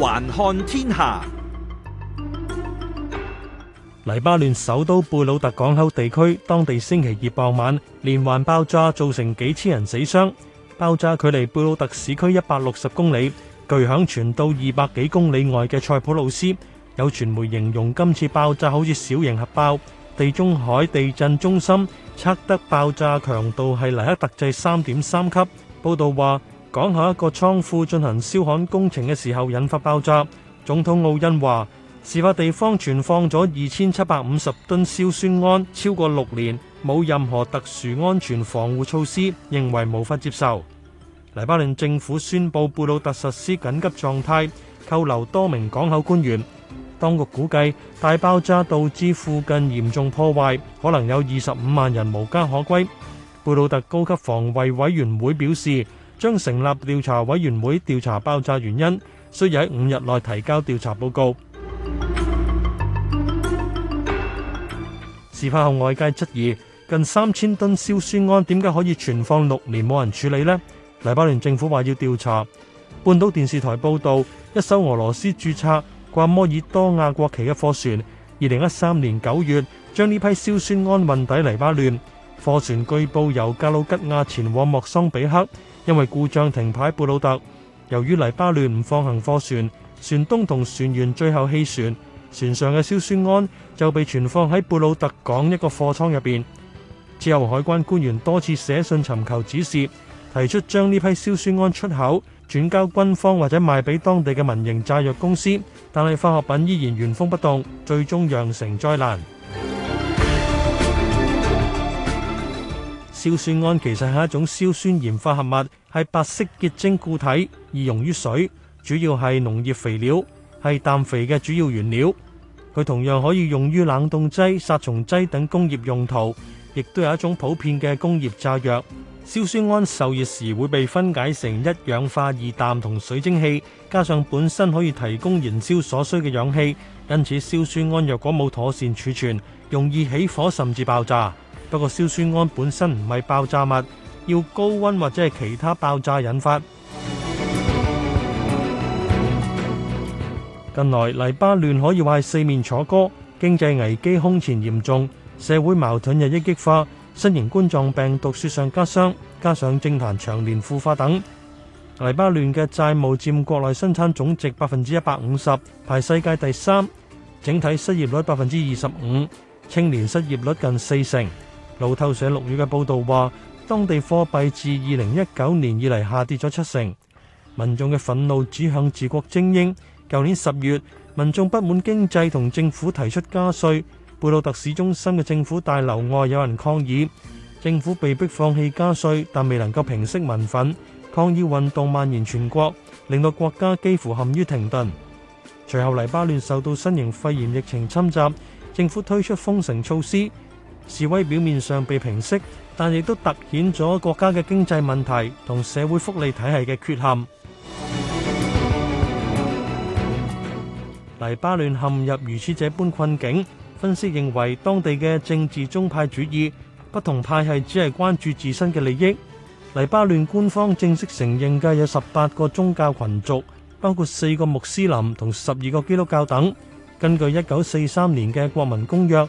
環看天下，黎巴嫩首都貝魯特港口地區，當地星期二傍晚連環爆炸，造成幾千人死傷。爆炸距離貝魯特市區一百六十公里，巨響傳到二百幾公里外嘅塞浦路斯。有傳媒形容今次爆炸好似小型核爆。地中海地震中心測得爆炸強度係黎克特制三點三級。報道話。港口一個倉庫進行燒焊工程嘅時候引發爆炸。總統奧恩話：事發地方存放咗二千七百五十噸硝酸銨，超過六年冇任何特殊安全防護措施，認為無法接受。黎巴嫩政府宣布貝魯特實施緊急狀態，扣留多名港口官員。當局估計大爆炸導致附近嚴重破壞，可能有二十五萬人無家可歸。貝魯特高級防衛委，委員會表示。將成立調查委員會調查爆炸原因，需要喺五日內提交調查報告。事發 後，外界質疑近三千噸硝酸銨點解可以存放六年冇人處理呢？黎巴嫩政府話要調查。半島電視台報道，一艘俄羅斯註冊掛摩爾多瓦國旗嘅貨船，二零一三年九月將呢批硝酸銨運抵黎巴嫩。貨船據報由格魯吉亞前往莫桑比克。因為故障停牌，貝魯特由於黎巴嫩唔放行貨船，船東同船員最後棄船，船上嘅硝酸銨就被存放喺貝魯特港一個貨倉入邊。之後海關官員多次寫信尋求指示，提出將呢批硝酸銨出口，轉交軍方或者賣俾當地嘅民營炸藥公司，但係化學品依然原封不動，最終釀成災難。硝酸銨其實係一種硝酸鹽化合物，係白色結晶固體，易溶於水。主要係農業肥料，係氮肥嘅主要原料。佢同樣可以用於冷凍劑、殺蟲劑等工業用途，亦都有一種普遍嘅工業炸藥。硝酸銨受熱時會被分解成一氧化二氮同水蒸氣，加上本身可以提供燃燒所需嘅氧氣，因此硝酸銨若果冇妥善儲存，容易起火甚至爆炸。不過硝酸銨本身唔係爆炸物，要高溫或者係其他爆炸引發。近來黎巴嫩可以話係四面楚歌，經濟危機空前嚴重，社會矛盾日益激化，新型冠狀病毒雪上加霜，加上政壇長年腐化等。黎巴嫩嘅債務佔國內生產總值百分之一百五十，排世界第三，整體失業率百分之二十五，青年失業率近四成。路透社六月嘅報道話，當地貨幣自二零一九年以嚟下跌咗七成，民眾嘅憤怒指向治國精英。舊年十月，民眾不滿經濟同政府提出加稅，貝魯特市中心嘅政府大樓外有人抗議，政府被迫放棄加稅，但未能夠平息民憤，抗議運動蔓延全國，令到國家幾乎陷於停頓。隨後黎巴嫩受到新型肺炎疫情侵襲，政府推出封城措施。示威表面上被平息，但亦都凸顯咗國家嘅經濟問題同社會福利體系嘅缺陷。 黎巴嫩陷入如此這般困境，分析認為當地嘅政治宗派主義、不同派系只係關注自身嘅利益。黎巴嫩官方正式承認嘅有十八個宗教群族，包括四個穆斯林同十二個基督教等。根據一九四三年嘅國民公約，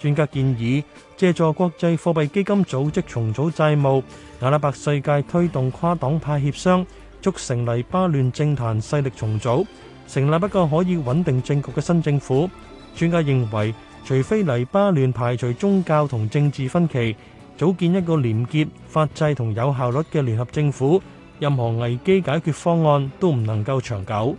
專家建議藉助國際貨幣基金組織重組債務，阿拉伯世界推動跨黨派協商，促成黎巴嫩政壇勢力重組，成立一個可以穩定政局嘅新政府。專家認為，除非黎巴嫩排除宗教同政治分歧，組建一個廉潔法制同有效率嘅聯合政府，任何危機解決方案都唔能夠長久。